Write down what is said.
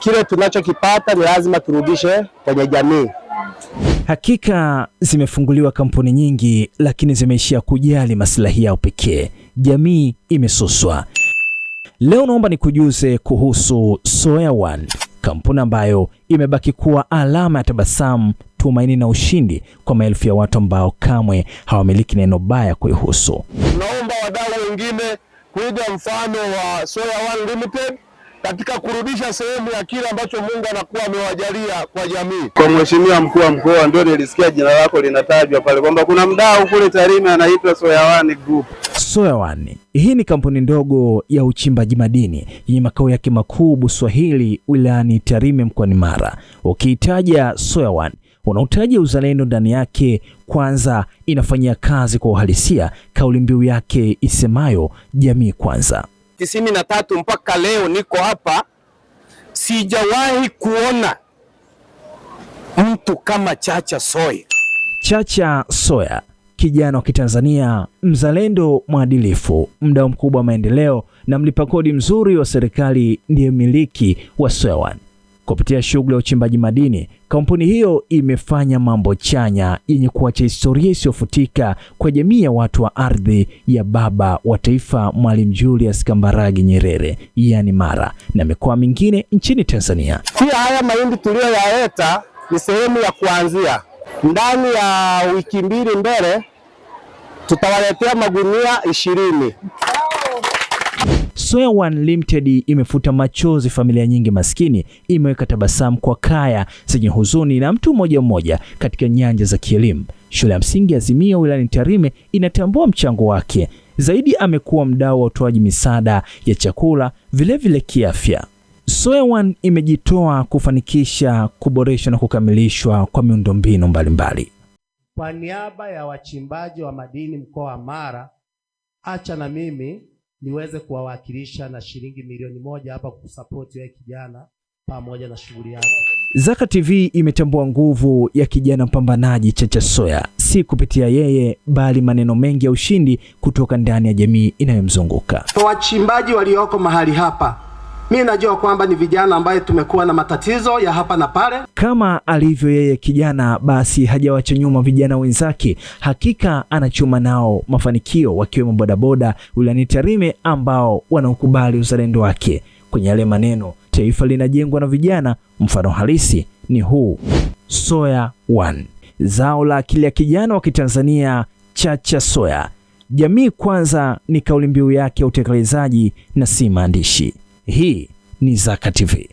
kile tunachokipata ni lazima turudishe kwenye jamii. Hakika zimefunguliwa kampuni nyingi, lakini zimeishia kujali maslahi yao pekee. Jamii imesuswa. Leo naomba nikujuze kuhusu Soya One, kampuni ambayo imebaki kuwa alama ya tabasamu, tumaini na ushindi kwa maelfu ya watu ambao kamwe hawamiliki neno baya kuihusu. Naomba wadau wengine kuiga mfano wa Soya One Limited katika kurudisha sehemu ya kile ambacho Mungu anakuwa amewajalia kwa jamii. Kwa mheshimiwa mkuu wa mkoa, ndio nilisikia jina lako linatajwa pale kwamba kuna mdau kule Tarime anaitwa Soyawani Group. Soyawani hii ni kampuni ndogo ya uchimbaji madini yenye makao yake makuu Buswahili wilayani Tarime mkoani Mara. Ukiitaja Soyawani unautaja uzalendo ndani yake. Kwanza inafanyia kazi kwa uhalisia kauli mbiu yake isemayo jamii kwanza tisini na tatu mpaka leo niko hapa, sijawahi kuona mtu kama Chacha Soya. Chacha Soya kijana wa Kitanzania mzalendo mwadilifu, mdau mkubwa wa maendeleo na mlipa kodi mzuri wa serikali, ndiye mmiliki wa Soya One. Kupitia shughuli ya uchimbaji madini, kampuni hiyo imefanya mambo chanya yenye kuacha historia isiyofutika kwa jamii ya watu wa ardhi ya baba wa taifa Mwalimu Julius Kambarage Nyerere, yani Mara na mikoa mingine nchini Tanzania. Pia haya mahindi tuliyoyaleta ni sehemu ya kuanzia. Ndani ya wiki mbili mbele tutawaletea magunia ishirini. Swear One Limited imefuta machozi familia nyingi maskini, imeweka tabasamu kwa kaya zenye huzuni na mtu mmoja mmoja katika nyanja za kielimu. Shule ya msingi Azimio wilayani Tarime inatambua mchango wake. Zaidi amekuwa mdau wa utoaji misaada ya chakula, vilevile kiafya. Swear One imejitoa kufanikisha kuboreshwa na kukamilishwa kwa miundombinu mbalimbali. Kwa niaba ya wachimbaji wa madini mkoa wa Mara, acha na mimi niweze kuwawakilisha na shilingi milioni moja hapa kusapoti wewe kijana pamoja na shughuli yako. Zaka TV imetambua nguvu ya kijana mpambanaji Chacha Soya, si kupitia yeye bali maneno mengi ya ushindi kutoka ndani ya jamii inayomzunguka. Kwa wachimbaji walioko mahali hapa mi najua kwamba ni vijana ambaye tumekuwa na matatizo ya hapa na pale. Kama alivyo yeye kijana, basi hajawacha nyuma vijana wenzake. Hakika anachuma nao mafanikio, wakiwemo bodaboda wilayani Tarime ambao wanaokubali uzalendo wake. Kwenye yale maneno, taifa linajengwa na vijana, mfano halisi ni huu. Soya One, zao la akili ya kijana wa Kitanzania, chacha soya. Jamii kwanza ni kauli mbiu yake ya utekelezaji na si maandishi. Hii ni Zaka TV.